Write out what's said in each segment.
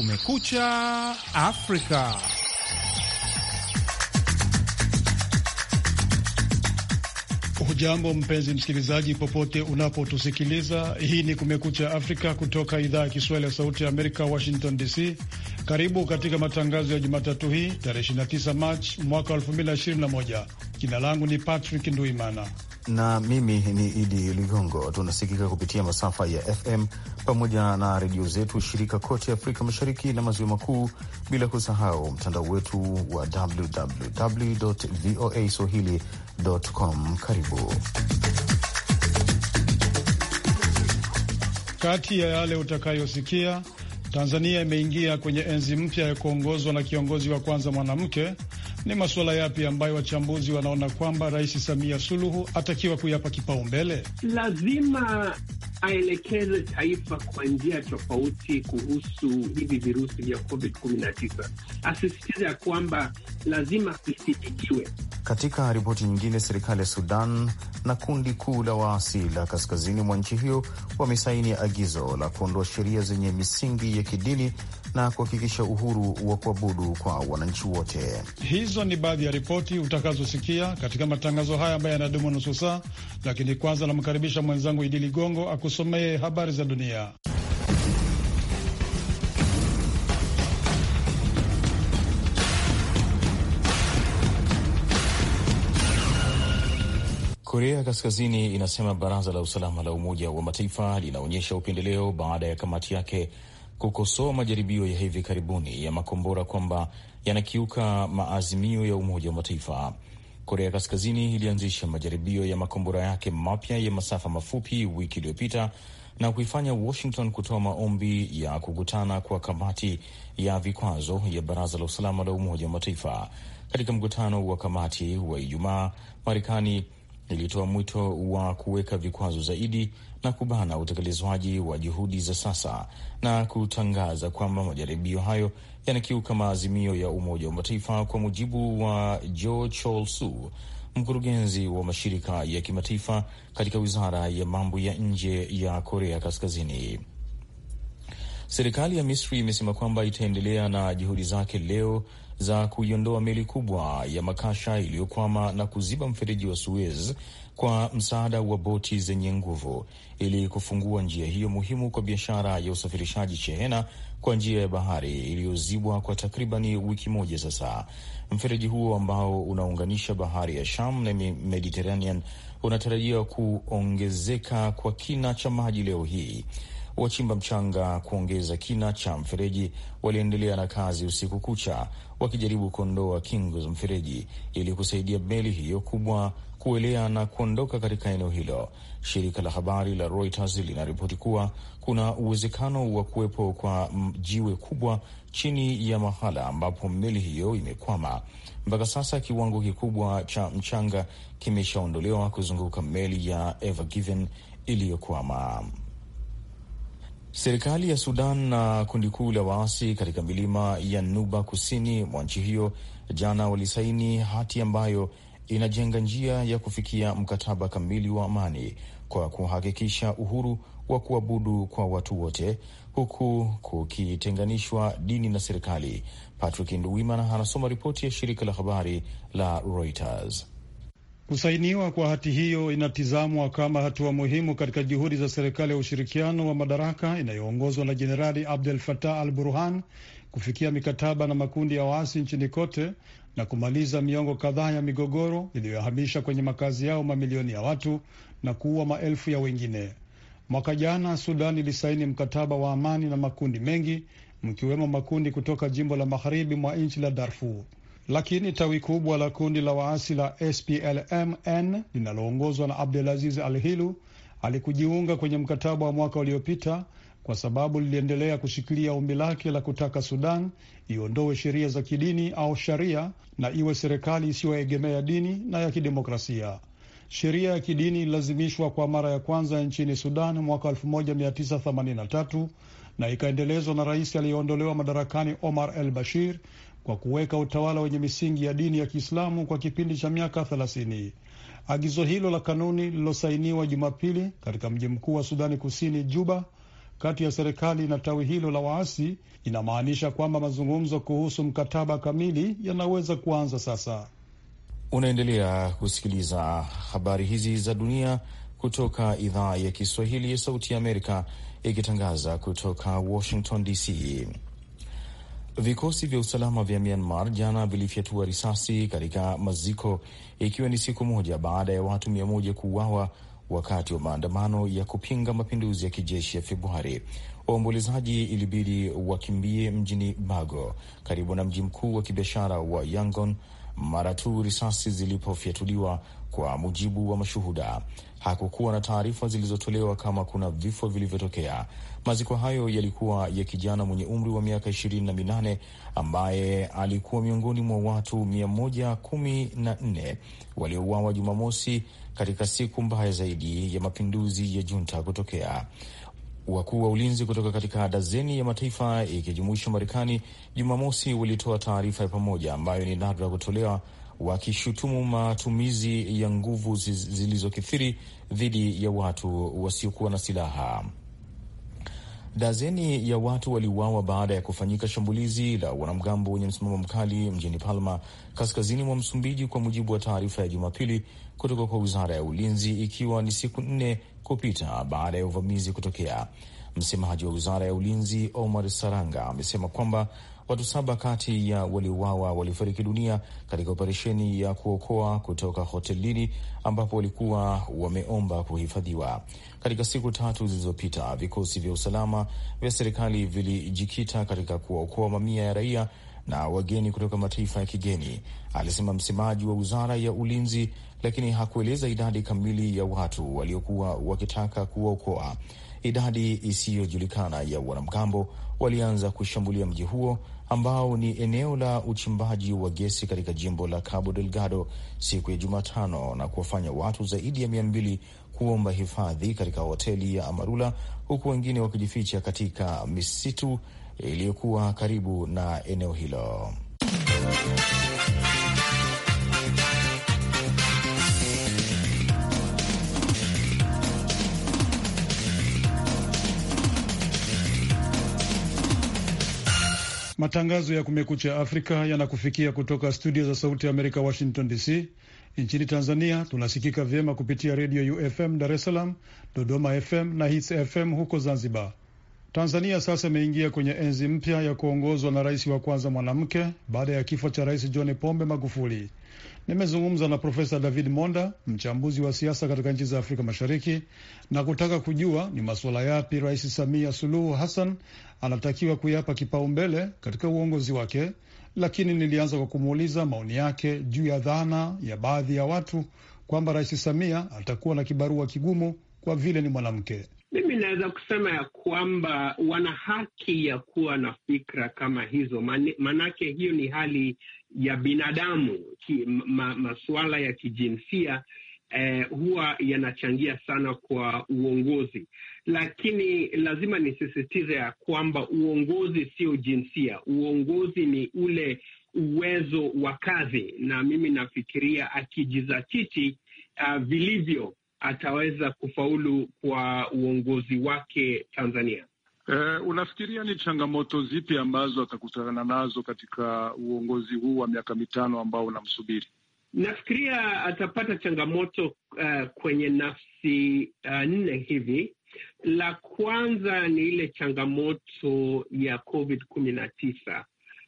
Kumekucha Afrika. Hujambo mpenzi msikilizaji, popote unapotusikiliza. Hii ni Kumekucha Afrika kutoka idhaa ya Kiswahili ya Sauti ya Amerika, Washington DC. Karibu katika matangazo ya Jumatatu hii tarehe 29 Machi mwaka 2021. Jina langu ni Patrick Nduimana na mimi ni Idi Ligongo. Tunasikika kupitia masafa ya FM pamoja na redio zetu shirika kote Afrika Mashariki na Maziwa Makuu, bila kusahau mtandao wetu wa www voa swahili.com. Karibu. Kati ya yale utakayosikia, Tanzania imeingia kwenye enzi mpya ya kuongozwa na kiongozi wa kwanza mwanamke ni masuala yapi ambayo wachambuzi wanaona kwamba Rais Samia Suluhu atakiwa kuyapa kipaumbele? Lazima aelekeze taifa kwa njia tofauti kuhusu hivi virusi vya COVID-19, asisitiza ya kwamba lazima visidikiwe. Katika ripoti nyingine, serikali ya Sudan na kundi kuu la waasi la kaskazini mwa nchi hiyo wamesaini agizo la kuondoa sheria zenye misingi ya kidini na kuhakikisha uhuru wa kuabudu kwa wananchi wote. Hizo ni baadhi ya ripoti utakazosikia katika matangazo haya ambayo yanadumu nusu saa, lakini kwanza namkaribisha mwenzangu Idi Ligongo akusomee habari za dunia. Korea Kaskazini inasema baraza la usalama la Umoja wa Mataifa linaonyesha upendeleo baada ya kamati yake kukosoa majaribio ya hivi karibuni ya makombora kwamba yanakiuka maazimio ya Umoja wa Mataifa. Korea Kaskazini ilianzisha majaribio ya makombora yake mapya ya masafa mafupi wiki iliyopita na kuifanya Washington kutoa maombi ya kukutana kwa kamati ya vikwazo ya Baraza la Usalama la Umoja wa Mataifa. Katika mkutano wa kamati wa Ijumaa, Marekani ilitoa mwito wa kuweka vikwazo zaidi na kubana utekelezwaji wa juhudi za sasa na kutangaza kwamba majaribio hayo yanakiuka maazimio ya Umoja wa Mataifa, kwa mujibu wa Jo cholsu mkurugenzi wa mashirika ya kimataifa katika wizara ya mambo ya nje ya Korea Kaskazini. Serikali ya Misri imesema kwamba itaendelea na juhudi zake leo za kuiondoa meli kubwa ya makasha iliyokwama na kuziba mfereji wa Suez kwa msaada wa boti zenye nguvu ili kufungua njia hiyo muhimu kwa biashara ya usafirishaji shehena kwa njia ya bahari iliyozibwa kwa takribani wiki moja sasa. Mfereji huo ambao unaunganisha bahari ya Sham na Mediterranean unatarajiwa kuongezeka kwa kina cha maji leo hii. Wachimba mchanga kuongeza kina cha mfereji waliendelea na kazi usiku kucha, wakijaribu kuondoa kingo za mfereji ili kusaidia meli hiyo kubwa kuelea na kuondoka katika eneo hilo. Shirika la habari la Reuters linaripoti kuwa kuna uwezekano wa kuwepo kwa jiwe kubwa chini ya mahala ambapo meli hiyo imekwama. Mpaka sasa kiwango kikubwa cha mchanga kimeshaondolewa kuzunguka meli ya Ever Given iliyokwama. Serikali ya Sudan na kundi kuu la waasi katika milima ya Nuba kusini mwa nchi hiyo jana walisaini hati ambayo inajenga njia ya kufikia mkataba kamili wa amani kwa kuhakikisha uhuru wa kuabudu kwa watu wote huku kukitenganishwa dini na serikali. Patrick Nduwimana anasoma ripoti ya shirika la habari la Reuters. Kusainiwa kwa hati hiyo inatizamwa kama hatua muhimu katika juhudi za serikali ya ushirikiano wa madaraka inayoongozwa na Jenerali Abdel Fattah al Burhan kufikia mikataba na makundi ya waasi nchini kote na kumaliza miongo kadhaa ya migogoro iliyohamisha kwenye makazi yao mamilioni ya watu na kuua maelfu ya wengine. Mwaka jana Sudan ilisaini mkataba wa amani na makundi mengi mkiwemo makundi kutoka jimbo la magharibi mwa nchi la Darfur lakini tawi kubwa la kundi la waasi la splmn linaloongozwa na Abdelaziz Al-Hilu alikujiunga kwenye mkataba wa mwaka uliopita kwa sababu liliendelea kushikilia ombi lake la kutaka Sudan iondoe sheria za kidini au sharia na iwe serikali isiyoegemea dini na ya kidemokrasia. Sheria ya kidini ililazimishwa kwa mara ya kwanza nchini Sudan mwaka 1983 na ikaendelezwa na rais aliyeondolewa madarakani Omar El Bashir kwa kuweka utawala wenye misingi ya dini ya Kiislamu kwa kipindi cha miaka 30. Agizo hilo la kanuni lililosainiwa Jumapili katika mji mkuu wa Sudani Kusini, Juba, kati ya serikali na tawi hilo la waasi inamaanisha kwamba mazungumzo kuhusu mkataba kamili yanaweza kuanza sasa. Unaendelea kusikiliza habari hizi za dunia kutoka idhaa ya Kiswahili ya Sauti ya Amerika, ikitangaza kutoka Washington DC. Vikosi vya usalama vya Myanmar jana vilifyatua risasi katika maziko, ikiwa ni siku moja baada ya watu mia moja kuuawa wakati wa maandamano ya kupinga mapinduzi ya kijeshi ya Februari. Waombolezaji ilibidi wakimbie mjini Bago, karibu na mji mkuu wa kibiashara wa Yangon, mara tu risasi zilipofyatuliwa, kwa mujibu wa mashuhuda. Hakukuwa na taarifa zilizotolewa kama kuna vifo vilivyotokea. Maziko hayo yalikuwa ya kijana mwenye umri wa miaka ishirini na minane ambaye alikuwa miongoni mwa watu mia moja kumi na nne waliouawa Jumamosi, katika siku mbaya zaidi ya mapinduzi ya junta kutokea. Wakuu wa ulinzi kutoka katika dazeni ya mataifa ikijumuisha Marekani Jumamosi walitoa taarifa ya pamoja ambayo ni nadra kutolewa, wakishutumu matumizi ya nguvu zilizokithiri dhidi ya watu wasiokuwa na silaha. Dazeni ya watu waliuawa baada ya kufanyika shambulizi la wanamgambo wenye msimamo mkali mjini Palma, kaskazini mwa Msumbiji, kwa mujibu wa taarifa ya Jumapili kutoka kwa wizara ya ulinzi, ikiwa ni siku nne kupita baada ya uvamizi kutokea. Msemaji wa wizara ya ulinzi Omar Saranga amesema kwamba watu saba kati ya waliouawa walifariki dunia katika operesheni ya kuokoa kutoka hotelini ambapo walikuwa wameomba kuhifadhiwa. Katika siku tatu zilizopita, vikosi vya usalama vya serikali vilijikita katika kuwaokoa mamia ya raia na wageni kutoka mataifa ya kigeni, alisema msemaji wa wizara ya ulinzi, lakini hakueleza idadi kamili ya watu waliokuwa wakitaka kuwaokoa. Idadi isiyojulikana ya wanamgambo walianza kushambulia mji huo ambao ni eneo la uchimbaji wa gesi katika jimbo la Cabo Delgado siku ya Jumatano na kuwafanya watu zaidi ya mia mbili kuomba hifadhi katika hoteli ya Amarula, huku wengine wakijificha katika misitu iliyokuwa karibu na eneo hilo. Matangazo ya Kumekucha Afrika yanakufikia kutoka studio za Sauti ya Amerika, Washington DC. Nchini Tanzania tunasikika vyema kupitia redio UFM Dar es Salaam, Dodoma FM na Hits FM huko Zanzibar. Tanzania sasa imeingia kwenye enzi mpya ya kuongozwa na rais wa kwanza mwanamke baada ya kifo cha Rais John Pombe Magufuli. Nimezungumza na Profesa David Monda, mchambuzi wa siasa katika nchi za Afrika Mashariki, na kutaka kujua ni masuala yapi Rais Samia Suluhu Hassan anatakiwa kuyapa kipaumbele katika uongozi wake, lakini nilianza kwa kumuuliza maoni yake juu ya dhana ya baadhi ya watu kwamba Rais Samia atakuwa na kibarua kigumu kwa vile ni mwanamke. Mimi naweza kusema ya kwamba wana haki ya kuwa na fikra kama hizo, maanake hiyo ni hali ya binadamu ki, ma, masuala ya kijinsia eh, huwa yanachangia sana kwa uongozi, lakini lazima nisisitize ya kwamba uongozi sio jinsia. Uongozi ni ule uwezo wa kazi, na mimi nafikiria akijizatiti uh, vilivyo ataweza kufaulu kwa uongozi wake Tanzania? Eh, unafikiria ni changamoto zipi ambazo atakutana nazo katika uongozi huu wa miaka mitano ambao unamsubiri? Nafikiria atapata changamoto uh, kwenye nafsi uh, nne hivi. La kwanza ni ile changamoto ya COVID kumi na tisa.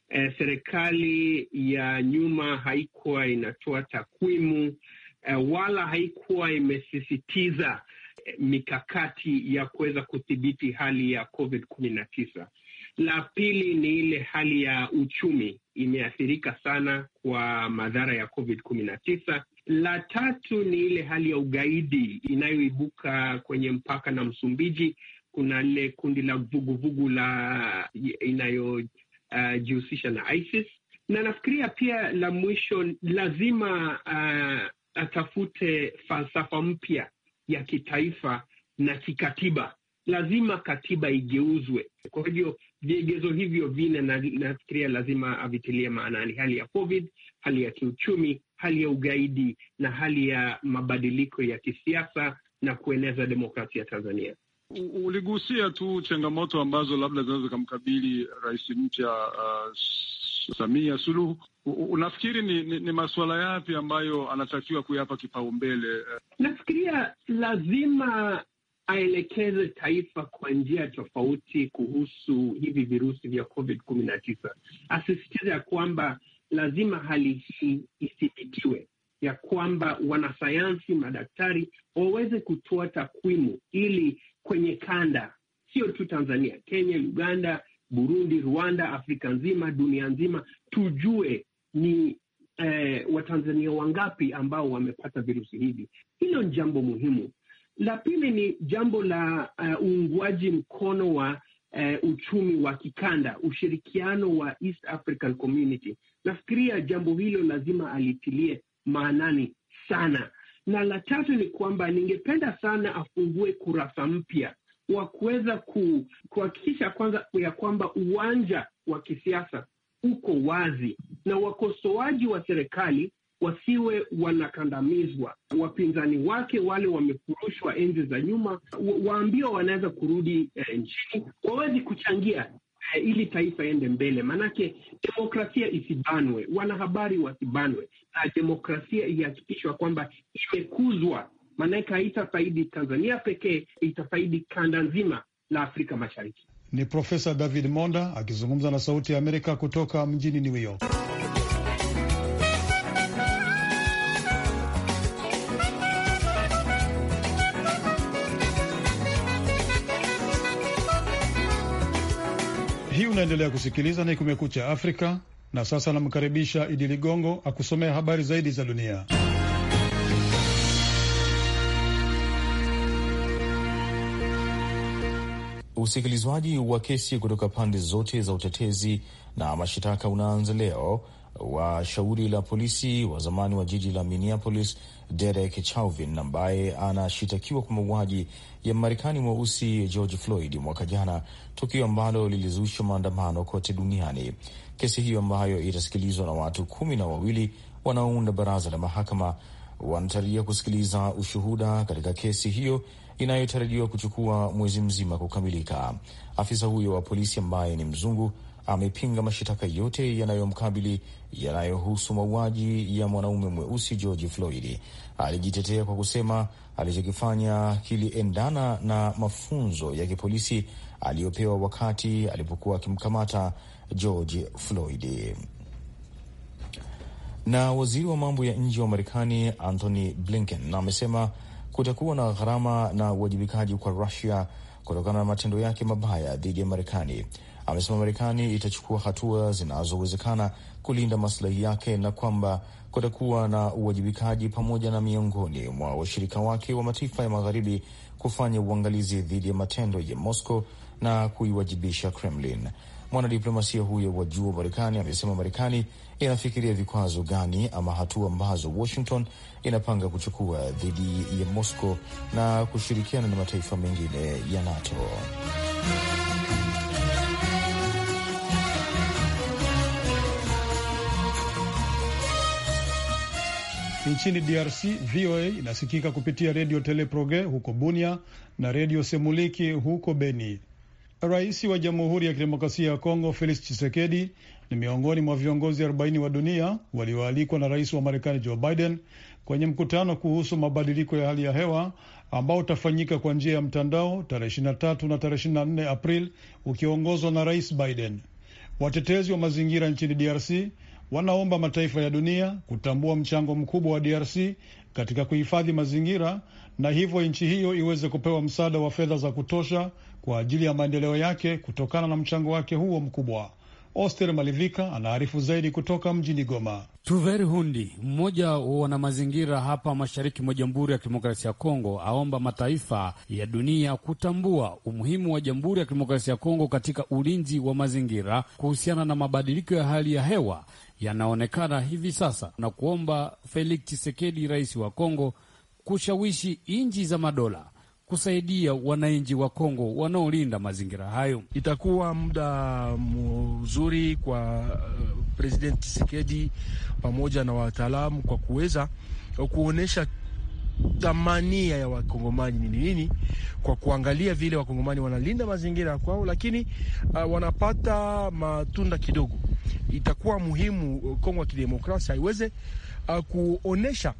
Eh, serikali ya nyuma haikuwa inatoa takwimu Eh, wala haikuwa imesisitiza eh, mikakati ya kuweza kudhibiti hali ya COVID kumi na tisa. La pili ni ile hali ya uchumi imeathirika sana kwa madhara ya COVID kumi na tisa. La tatu ni ile hali ya ugaidi inayoibuka kwenye mpaka na Msumbiji. Kuna lile kundi la vuguvugu la inayojihusisha eh, uh, na ISIS na nafikiria pia la mwisho lazima uh, atafute falsafa mpya ya kitaifa na kikatiba. Lazima katiba igeuzwe. Kwa hivyo vigezo hivyo vine, nafikiria lazima avitilie maanani: hali ya COVID, hali ya kiuchumi, hali ya ugaidi na hali ya mabadiliko ya kisiasa na kueneza demokrasia Tanzania. uligusia tu changamoto ambazo labda zinaweza zikamkabili rais mpya uh, Samia Suluhu, unafikiri ni, ni, ni masuala yapi ambayo anatakiwa kuyapa kipaumbele? Nafikiria lazima aelekeze taifa kwa njia tofauti kuhusu hivi virusi vya COVID kumi na tisa. Asisitiza ya kwamba lazima hali hii ithibitiwe, ya kwamba wanasayansi, madaktari waweze kutoa takwimu ili kwenye kanda, sio tu Tanzania, Kenya, Uganda Burundi, Rwanda, Afrika nzima, dunia nzima, tujue ni eh, Watanzania wangapi ambao wamepata virusi hivi. Hilo ni jambo muhimu. La pili ni jambo la eh, uungwaji mkono wa uh, uchumi wa kikanda, ushirikiano wa East African Community. Nafikiria jambo hilo lazima alitilie maanani sana, na la tatu ni kwamba ningependa sana afungue kurasa mpya wa kuweza kuhakikisha kwanza ya kwamba uwanja wa kisiasa uko wazi na wakosoaji wa serikali wasiwe wanakandamizwa, wapinzani wake wale wamefurushwa enzi za nyuma waambiwa wanaweza kurudi eh, nchini wawezi kuchangia eh, ili taifa iende mbele. Maanake demokrasia isibanwe, wanahabari wasibanwe, na demokrasia ihakikishwa kwamba imekuzwa maanake haitafaidi Tanzania pekee, itafaidi kanda nzima la Afrika Mashariki. Ni Profesa David Monda akizungumza na Sauti ya Amerika kutoka mjini New York. Hii unaendelea kusikiliza ni Kumekucha Afrika, na sasa anamkaribisha Idi Ligongo akusomea habari zaidi za dunia. Usikilizwaji wa kesi kutoka pande zote za utetezi na mashitaka unaanza leo wa shauri la polisi wa zamani wa jiji la Minneapolis Derek Chauvin ambaye anashitakiwa kwa mauaji ya Marekani mweusi George Floyd mwaka jana, tukio ambalo lilizusha maandamano kote duniani. Kesi hiyo ambayo itasikilizwa na watu kumi na wawili wanaounda baraza la mahakama wanatarajia kusikiliza ushuhuda katika kesi hiyo inayotarajiwa kuchukua mwezi mzima kukamilika. Afisa huyo wa polisi ambaye ni mzungu amepinga mashitaka yote yanayomkabili yanayohusu mauaji ya mwanaume mweusi George Floyd. Alijitetea kwa kusema alichokifanya kiliendana na mafunzo ya kipolisi aliyopewa wakati alipokuwa akimkamata George Floyd. Na waziri wa mambo ya nje wa Marekani Anthony Blinken amesema kutakuwa na gharama na uwajibikaji kwa Rusia kutokana na matendo yake mabaya dhidi ya Marekani. Amesema Marekani itachukua hatua zinazowezekana kulinda maslahi yake na kwamba kutakuwa na uwajibikaji pamoja na miongoni mwa washirika wake wa mataifa ya magharibi kufanya uangalizi dhidi ya matendo ya Moscow na kuiwajibisha Kremlin. Mwanadiplomasia huyo wa juu wa Marekani amesema Marekani inafikiria vikwazo gani ama hatua ambazo Washington inapanga kuchukua dhidi ya Moscow na kushirikiana na mataifa mengine ya NATO. Nchini DRC, VOA inasikika kupitia redio Teleproge huko Bunia na redio Semuliki huko Beni. Rais wa Jamhuri ya Kidemokrasia ya Kongo Felix Tshisekedi ni miongoni mwa viongozi 40 wa dunia walioalikwa na rais wa Marekani Joe Biden kwenye mkutano kuhusu mabadiliko ya hali ya hewa ambao utafanyika kwa njia ya mtandao tarehe 23 na tarehe 24 Aprili ukiongozwa na Rais Biden. Watetezi wa mazingira nchini DRC wanaomba mataifa ya dunia kutambua mchango mkubwa wa DRC katika kuhifadhi mazingira na hivyo nchi hiyo iweze kupewa msaada wa fedha za kutosha kwa ajili ya maendeleo yake kutokana na mchango wake huo mkubwa. Oster Malivika anaarifu zaidi kutoka mjini Goma. tuver Hundi, mmoja wa wanamazingira hapa mashariki mwa Jamhuri ya Kidemokrasia ya Kongo, aomba mataifa ya dunia kutambua umuhimu wa Jamhuri ya Kidemokrasia ya Kongo katika ulinzi wa mazingira kuhusiana na mabadiliko ya hali ya hewa yanaonekana hivi sasa, na kuomba Felix chisekedi rais wa Kongo, kushawishi nchi za madola kusaidia wananchi wa Kongo wanaolinda mazingira hayo. Itakuwa muda mzuri kwa uh, President Tshisekedi pamoja na wataalamu kwa kuweza kuonyesha tamania ya wakongomani ni nini, kwa kuangalia vile wakongomani wanalinda mazingira ya kwao, lakini uh, wanapata matunda kidogo. Itakuwa muhimu uh, Kongo ya kidemokrasia iweze uh, kuonyesha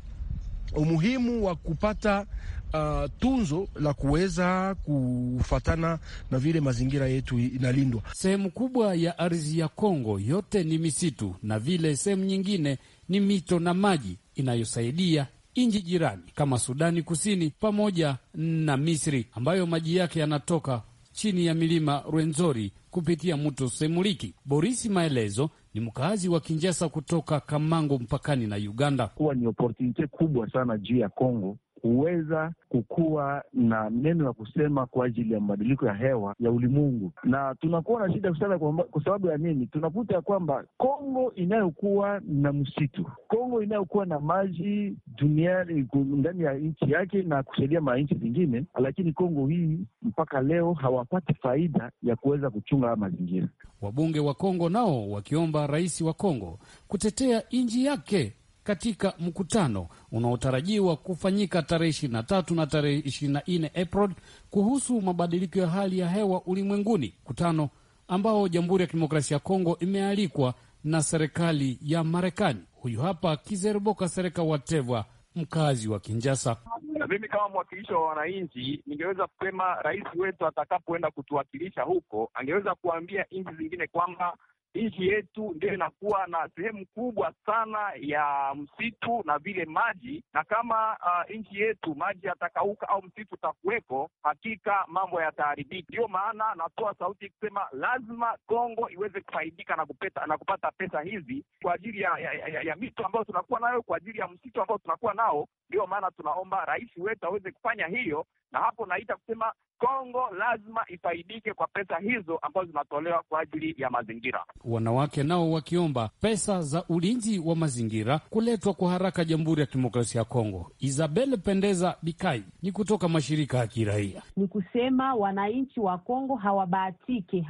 umuhimu wa kupata uh, tunzo la kuweza kufatana na vile mazingira yetu inalindwa. Sehemu kubwa ya ardhi ya Kongo yote ni misitu na vile sehemu nyingine ni mito na maji inayosaidia nchi jirani kama Sudani Kusini pamoja na Misri ambayo maji yake yanatoka chini ya milima Rwenzori kupitia mto Semuliki. Borisi Maelezo ni mkaazi wa Kinjasa kutoka Kamango mpakani na Uganda. Huwa ni opportunity kubwa sana juu ya Kongo kuweza kukuwa na neno ya kusema kwa ajili ya mabadiliko ya hewa ya ulimwengu. Na tunakuwa na shida kusema kwa sababu ya nini? Tunakuta ya kwamba Kongo inayokuwa na msitu, Kongo inayokuwa na maji duniani ndani ya nchi yake na kusaidia manchi zingine, lakini Kongo hii mpaka leo hawapati faida ya kuweza kuchunga mazingira. Wabunge wa Kongo nao wakiomba rais wa Kongo kutetea nchi yake katika mkutano unaotarajiwa kufanyika tarehe 23 na tarehe 24 Aprili kuhusu mabadiliko ya hali ya hewa ulimwenguni, mkutano ambao Jamhuri ya Kidemokrasia ya Kongo imealikwa na serikali ya Marekani. Huyu hapa Kizeriboka Sereka Wateva, mkazi wa Kinjasa. Na mimi kama mwakilishi wa wananchi, ningeweza kusema rais wetu atakapoenda kutuwakilisha huko, angeweza kuambia nchi zingine kwamba nchi yetu ndio inakuwa na sehemu kubwa sana ya msitu na vile maji, na kama uh, nchi yetu maji yatakauka au msitu utakuweko, hakika mambo yataharibika. Ndiyo maana natoa sauti kusema lazima Kongo iweze kufaidika na kupeta, na kupata pesa hizi kwa ajili ya, ya, ya, ya mito ambayo tunakuwa nayo, kwa ajili ya msitu ambao tunakuwa nao. Ndiyo maana tunaomba rais wetu aweze kufanya hiyo, na hapo naita kusema Kongo lazima ifaidike kwa pesa hizo ambazo zinatolewa kwa ajili ya mazingira. Wanawake nao wakiomba pesa za ulinzi wa mazingira kuletwa kwa haraka Jamhuri ya Kidemokrasia ya Kongo. Isabel Pendeza Bikai ni kutoka mashirika ya kiraia. Ni kusema wananchi wa Kongo hawabahatike,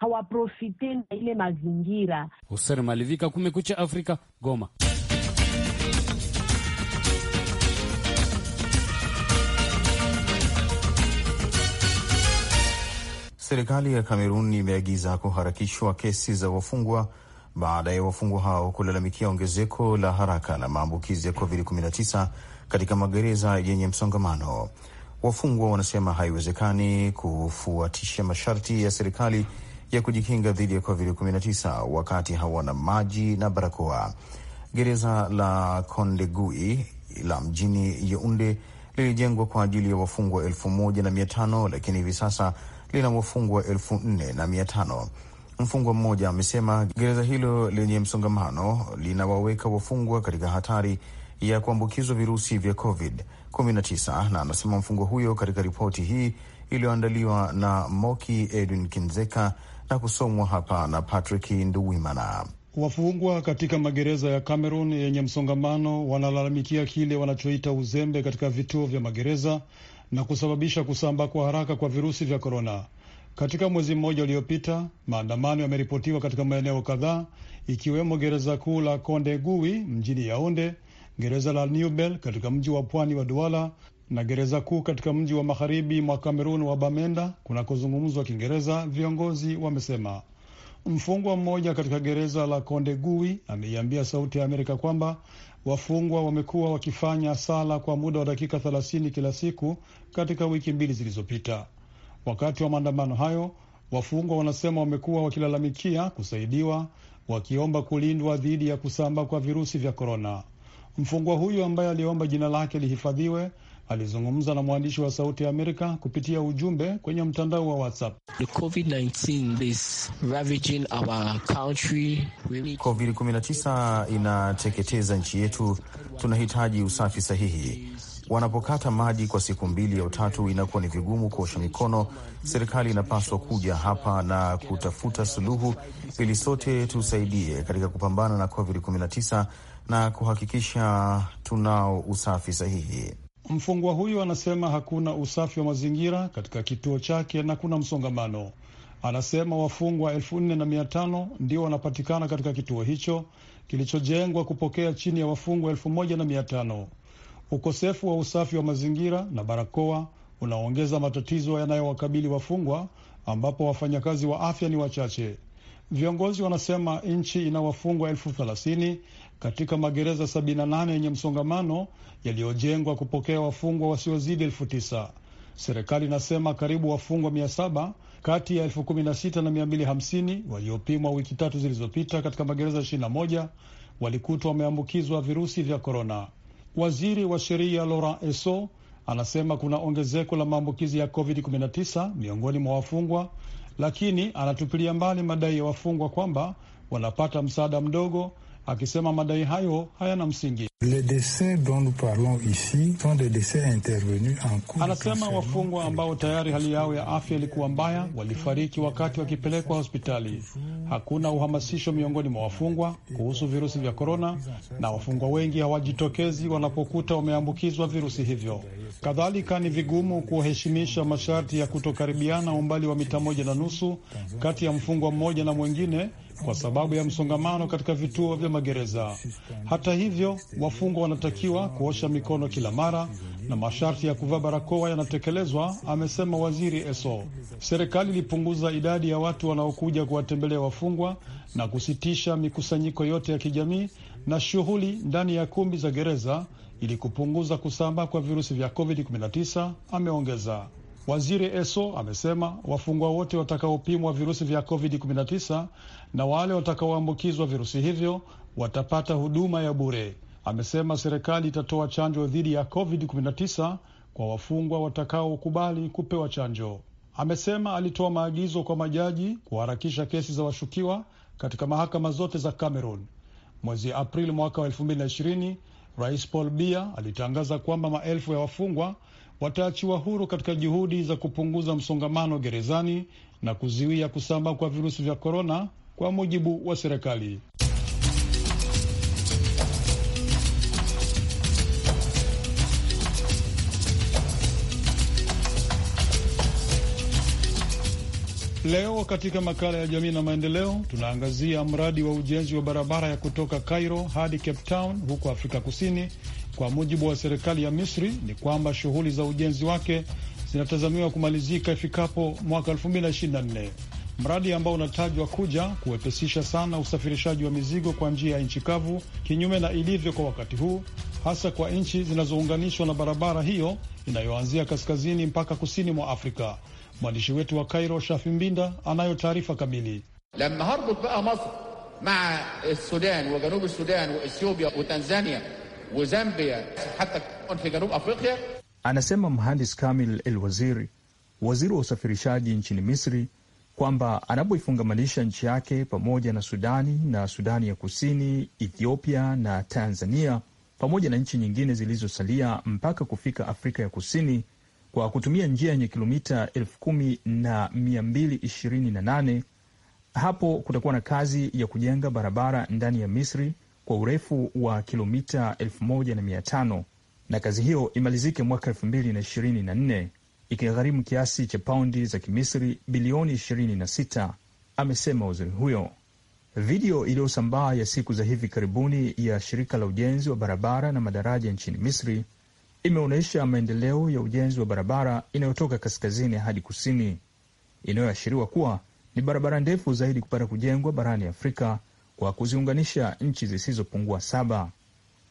hawaprofite hawa na ile mazingira. Hussein Malivika, Kumekucha Afrika, Goma. Serikali ya Kamerun imeagiza kuharakishwa kesi za wafungwa baada ya wafungwa hao kulalamikia ongezeko la haraka la maambukizi ya COVID-19 katika magereza yenye msongamano. Wafungwa wanasema haiwezekani kufuatisha masharti ya serikali ya kujikinga dhidi ya COVID-19 wakati hawana maji na barakoa. Gereza la Kondegui la mjini yeunde lilijengwa kwa ajili ya wafungwa elfu moja na mia tano lakini hivi sasa lina wafungwa elfu nne na mia tano. Mfungwa mmoja amesema gereza hilo lenye msongamano linawaweka wafungwa katika hatari ya kuambukizwa virusi vya COVID-19 na anasema mfungwa huyo katika ripoti hii iliyoandaliwa na Moki Edwin Kinzeka na kusomwa hapa na Patrick Nduwimana. Wafungwa katika magereza ya Cameroon yenye msongamano wanalalamikia kile wanachoita uzembe katika vituo vya magereza na kusababisha kusambaa kwa haraka kwa virusi vya korona. Katika mwezi mmoja uliopita, maandamano yameripotiwa katika maeneo kadhaa ikiwemo gereza kuu la Konde Gui mjini Yaunde, gereza la Newbel katika mji wa pwani wa Duala na gereza kuu katika mji wa magharibi mwa Kamerun wa Bamenda kunakozungumzwa Kiingereza, viongozi wamesema. Mfungwa mmoja katika gereza la Konde Gui ameiambia Sauti ya Amerika kwamba Wafungwa wamekuwa wakifanya sala kwa muda wa dakika 30 kila siku katika wiki mbili zilizopita. Wakati wa maandamano hayo, wafungwa wanasema wamekuwa wakilalamikia kusaidiwa, wakiomba kulindwa dhidi ya kusambaa kwa virusi vya korona. Mfungwa huyo ambaye aliomba jina lake lihifadhiwe Alizungumza na mwandishi wa Sauti ya Amerika kupitia ujumbe kwenye mtandao wa WhatsApp. COVID-19 inateketeza nchi yetu, tunahitaji usafi sahihi. Wanapokata maji kwa siku mbili au tatu, inakuwa ni vigumu kuosha mikono. Serikali inapaswa kuja hapa na kutafuta suluhu ili sote tusaidie katika kupambana na COVID-19 na kuhakikisha tunao usafi sahihi. Mfungwa huyu anasema hakuna usafi wa mazingira katika kituo chake na kuna msongamano. Anasema wafungwa elfu nne na mia tano ndio wanapatikana katika kituo hicho kilichojengwa kupokea chini ya wafungwa elfu moja na mia tano. Ukosefu wa usafi wa mazingira na barakoa unaongeza matatizo yanayowakabili wafungwa, ambapo wafanyakazi wa afya ni wachache. Viongozi wanasema nchi ina wafungwa elfu thelathini katika magereza 78 yenye msongamano yaliyojengwa kupokea wafungwa wasiozidi elfu tisa. Serikali inasema karibu wafungwa 700 kati ya elfu kumi na sita na mia mbili hamsini waliopimwa wiki tatu zilizopita katika magereza 21 walikutwa wameambukizwa virusi vya korona. Waziri wa sheria Laurent Esso anasema kuna ongezeko la maambukizi ya COVID-19 miongoni mwa wafungwa, lakini anatupilia mbali madai ya wafungwa kwamba wanapata msaada mdogo akisema madai hayo hayana msingi. Anasema wafungwa ambao tayari hali yao ya afya ilikuwa mbaya walifariki wakati wakipelekwa hospitali. Hakuna uhamasisho miongoni mwa wafungwa kuhusu virusi vya korona, na wafungwa wengi hawajitokezi wanapokuta wameambukizwa virusi hivyo. Kadhalika, ni vigumu kuheshimisha masharti ya kutokaribiana umbali wa mita moja na nusu kati ya mfungwa mmoja na mwingine kwa sababu ya msongamano katika vituo vya magereza. Hata hivyo, wafungwa wanatakiwa kuosha mikono kila mara na masharti ya kuvaa barakoa yanatekelezwa, amesema waziri Eso. Serikali ilipunguza idadi ya watu wanaokuja kuwatembelea wafungwa na kusitisha mikusanyiko yote ya kijamii na shughuli ndani ya kumbi za gereza ili kupunguza kusambaa kwa virusi vya COVID-19, ameongeza. Waziri Eso amesema wafungwa wote watakaopimwa virusi vya COVID-19 na wale watakaoambukizwa virusi hivyo watapata huduma ya bure. Amesema serikali itatoa chanjo dhidi ya COVID-19 kwa wafungwa watakaokubali kupewa chanjo. Amesema alitoa maagizo kwa majaji kuharakisha kesi za washukiwa katika mahakama zote za Cameroon. Mwezi Aprili mwaka wa 2020 Rais Paul bia alitangaza kwamba maelfu ya wafungwa wataachiwa huru katika juhudi za kupunguza msongamano gerezani na kuzuia kusambaa kwa virusi vya korona, kwa mujibu wa serikali. Leo katika makala ya jamii na maendeleo tunaangazia mradi wa ujenzi wa barabara ya kutoka Cairo hadi Cape Town huko Afrika Kusini kwa mujibu wa serikali ya Misri ni kwamba shughuli za ujenzi wake zinatazamiwa kumalizika ifikapo mwaka 2024, mradi ambao unatajwa kuja kuwepesisha sana usafirishaji wa mizigo kwa njia ya nchi kavu, kinyume na ilivyo kwa wakati huu, hasa kwa nchi zinazounganishwa na barabara hiyo inayoanzia kaskazini mpaka kusini mwa Afrika. Mwandishi wetu wa Kairo, Shafi Mbinda, anayo taarifa kamili. lama harbut baa Masr maa Sudan wa janubi Sudan wa Ethiopia wa Tanzania Zambia, hata Afrika. Anasema mhandis Kamil El Waziri, waziri wa usafirishaji nchini Misri, kwamba anapoifungamanisha nchi yake pamoja na Sudani na Sudani ya Kusini, Ethiopia na Tanzania pamoja na nchi nyingine zilizosalia mpaka kufika Afrika ya Kusini kwa kutumia njia yenye kilomita elfu kumi na mia mbili ishirini na nane hapo kutakuwa na kazi ya kujenga barabara ndani ya Misri kwa urefu wa kilomita elfu moja na mia tano na kazi hiyo imalizike mwaka elfu mbili na ishirini na nne ikigharimu kiasi cha paundi za Kimisri bilioni 26, amesema waziri huyo. Video iliyosambaa ya siku za hivi karibuni ya shirika la ujenzi wa barabara na madaraja nchini Misri imeonyesha maendeleo ya ujenzi wa barabara inayotoka kaskazini hadi kusini, inayoashiriwa kuwa ni barabara ndefu zaidi kupata kujengwa barani Afrika kwa kuziunganisha nchi zisizopungua saba,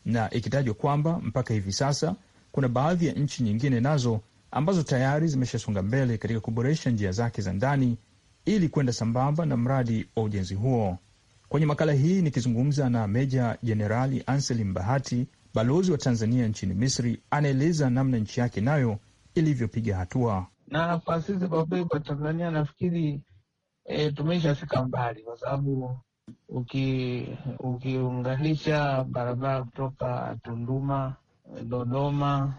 na ikitajwa kwamba mpaka hivi sasa kuna baadhi ya nchi nyingine nazo ambazo tayari zimeshasonga mbele katika kuboresha njia zake za ndani ili kwenda sambamba na mradi wa ujenzi huo. Kwenye makala hii nikizungumza na Meja Jenerali Anselim Bahati, balozi wa Tanzania nchini Misri, anaeleza namna nchi yake nayo ilivyopiga hatua. Na kwa sisi kwa kweli kwa Tanzania nafikiri e, tumeshafika mbali kwa sababu Uki, ukiunganisha barabara kutoka Tunduma Dodoma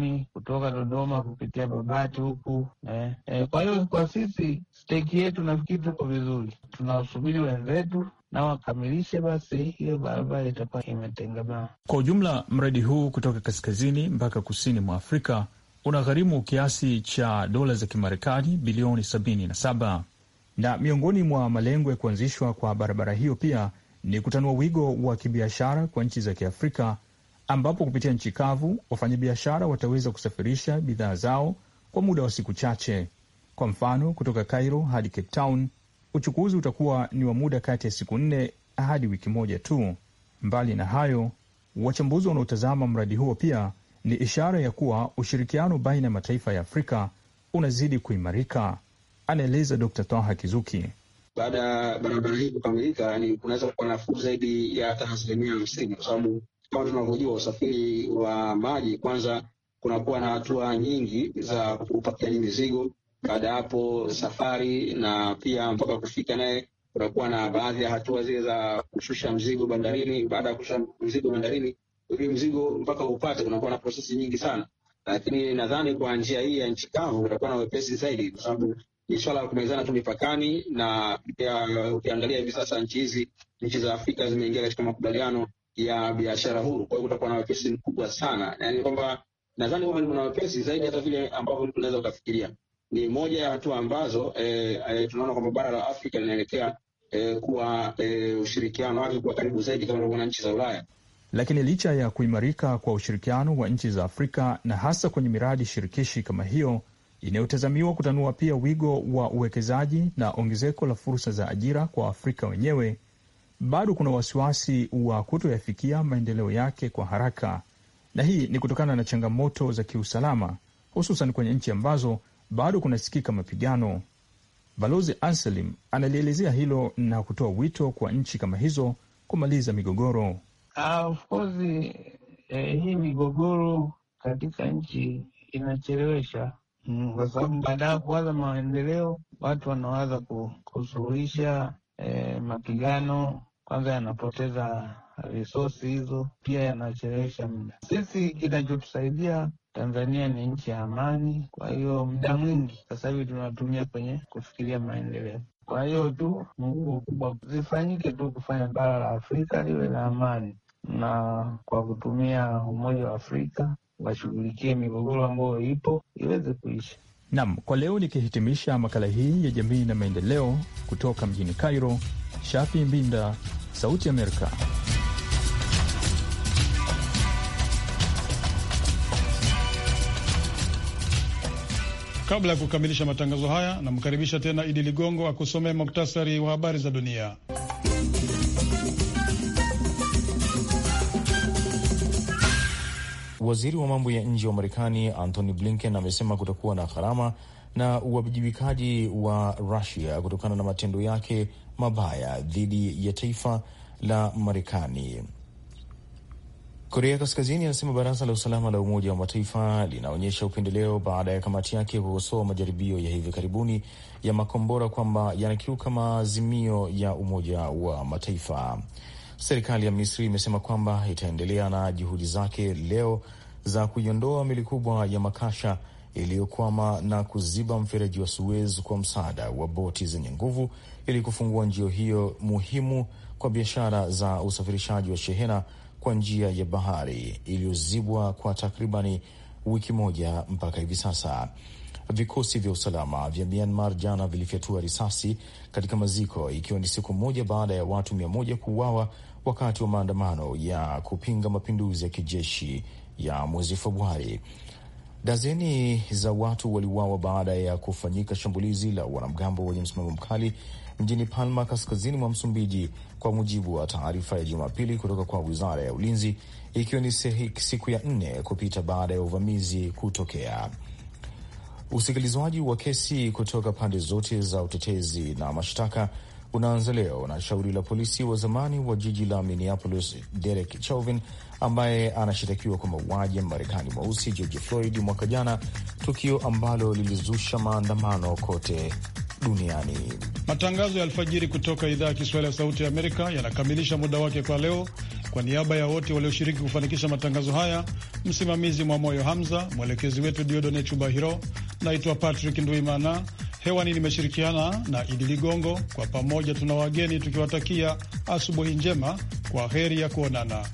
ni kutoka Dodoma kupitia Babati huku eh. Eh, kwa hiyo kwa sisi steki yetu nafikiri tuko vizuri, tunawasubiri wenzetu na wakamilishe, basi hiyo barabara itakuwa imetengemaa. Kwa ujumla, mradi huu kutoka kaskazini mpaka kusini mwa Afrika unagharimu kiasi cha dola za Kimarekani bilioni sabini na saba na miongoni mwa malengo ya kuanzishwa kwa barabara hiyo pia ni kutanua wigo wa kibiashara kwa nchi za Kiafrika, ambapo kupitia nchi kavu wafanyabiashara wataweza kusafirisha bidhaa zao kwa muda wa siku chache. Kwa mfano, kutoka Cairo hadi Cape Town uchukuzi utakuwa ni wa muda kati ya siku nne hadi wiki moja tu. Mbali na hayo, wachambuzi wanaotazama mradi huo pia ni ishara ya kuwa ushirikiano baina ya mataifa ya Afrika unazidi kuimarika anaeleza Dkt. Toha Kizuki. Baada ya barabara hii kukamilika, yani kunaweza kuwa nafuu zaidi ya hata asilimia hamsini, kwa sababu kama tunavyojua usafiri wa maji kwanza kunakuwa na hatua nyingi za kupakiaji mizigo, baada ya hapo safari, na pia mpaka kufika naye kunakuwa na baadhi ya hatua zile za kushusha mzigo bandarini. Baada ya kushusha mzigo bandarini, ili mzigo mpaka upate, kunakuwa na prosesi nyingi sana, lakini nadhani kwa njia hii ya nchi kavu utakuwa na wepesi zaidi, kwa sababu ni swala la kumalizana tu mipakani, na pia ukiangalia hivi sasa nchi hizi nchi za Afrika zimeingia katika makubaliano ya biashara huru. Kwa hiyo kutakuwa na wepesi mkubwa sana, yaani kwamba nadhani kwamba kuna wepesi zaidi hata vile ambavyo mtu unaweza ukafikiria. Ni moja ya hatua ambazo eh, eh, tunaona kwamba bara la Afrika linaelekea eh, kuwa eh, ushirikiano wake kuwa karibu zaidi kama unavyoona nchi za Ulaya. Lakini licha ya kuimarika kwa ushirikiano wa nchi za Afrika na hasa kwenye miradi shirikishi kama hiyo inayotazamiwa kutanua pia wigo wa uwekezaji na ongezeko la fursa za ajira kwa afrika wenyewe, bado kuna wasiwasi wa kutoyafikia maendeleo yake kwa haraka, na hii ni kutokana na changamoto za kiusalama, hususan kwenye nchi ambazo bado kunasikika mapigano. Balozi Anselim analielezea hilo na kutoa wito kwa nchi kama hizo kumaliza migogoro. Uh, of course, eh, hii migogoro katika nchi inachelewesha Mm, kwa sababu baada ya kuwaza maendeleo watu wanawaza kusuluhisha eh, mapigano kwanza yanapoteza risosi hizo, pia yanachelewesha muda. Sisi kinachotusaidia Tanzania ni nchi ya amani, kwa hiyo muda mwingi sasa hivi tunatumia kwenye kufikiria maendeleo. Kwa hiyo tu nguvu kubwa zifanyike tu kufanya bara la Afrika liwe la amani, na kwa kutumia Umoja wa Afrika washughulikie migogoro ambayo ipo iweze kuisha. nam kwa leo nikihitimisha makala hii ya jamii na maendeleo kutoka mjini Cairo, Shafi Mbinda, Sauti Amerika. Kabla ya kukamilisha matangazo haya, namkaribisha tena Idi Ligongo akusomee muktasari wa habari za dunia. Waziri wa mambo ya nje wa Marekani Antony Blinken amesema kutakuwa na gharama na uwajibikaji wa Rusia kutokana na matendo yake mabaya dhidi ya taifa la Marekani. Korea Kaskazini anasema baraza la usalama la Umoja wa Mataifa linaonyesha upendeleo baada ya kamati yake kukosoa majaribio ya hivi karibuni ya makombora kwamba yanakiuka maazimio ya Umoja wa Mataifa. Serikali ya Misri imesema kwamba itaendelea na juhudi zake leo za kuiondoa meli kubwa ya makasha iliyokwama na kuziba mfereji wa Suez kwa msaada wa boti zenye nguvu ili kufungua njia hiyo muhimu kwa biashara za usafirishaji wa shehena kwa njia ya bahari iliyozibwa kwa takribani wiki moja mpaka hivi sasa. Vikosi vya usalama vya Myanmar jana vilifyatua risasi katika maziko, ikiwa ni siku moja baada ya watu mia moja kuuawa wakati wa maandamano ya kupinga mapinduzi ya kijeshi ya mwezi Februari. Dazeni za watu waliuawa baada ya kufanyika shambulizi la wanamgambo wenye msimamo mkali mjini Palma, kaskazini mwa Msumbiji, kwa mujibu wa taarifa ya Jumapili kutoka kwa wizara ya ulinzi, ikiwa ni siku ya nne kupita baada ya uvamizi kutokea. Usikilizwaji wa kesi kutoka pande zote za utetezi na mashtaka unaanza leo na shauri la polisi wa zamani wa jiji la Minneapolis, Derek Chauvin, ambaye anashitakiwa kwa mauaji ya Marekani mweusi George Floyd mwaka jana, tukio ambalo lilizusha maandamano kote duniani. Matangazo ya alfajiri kutoka idhaa ya Kiswahili ya Sauti ya Amerika yanakamilisha muda wake kwa leo. Kwa niaba ya wote walioshiriki kufanikisha matangazo haya, msimamizi Mwamoyo Hamza, mwelekezi wetu Diodone Chubahiro, naitwa Patrick nduimana Hewani nimeshirikiana na Idi Ligongo, kwa pamoja tuna wageni tukiwatakia asubuhi njema, kwa heri ya kuonana.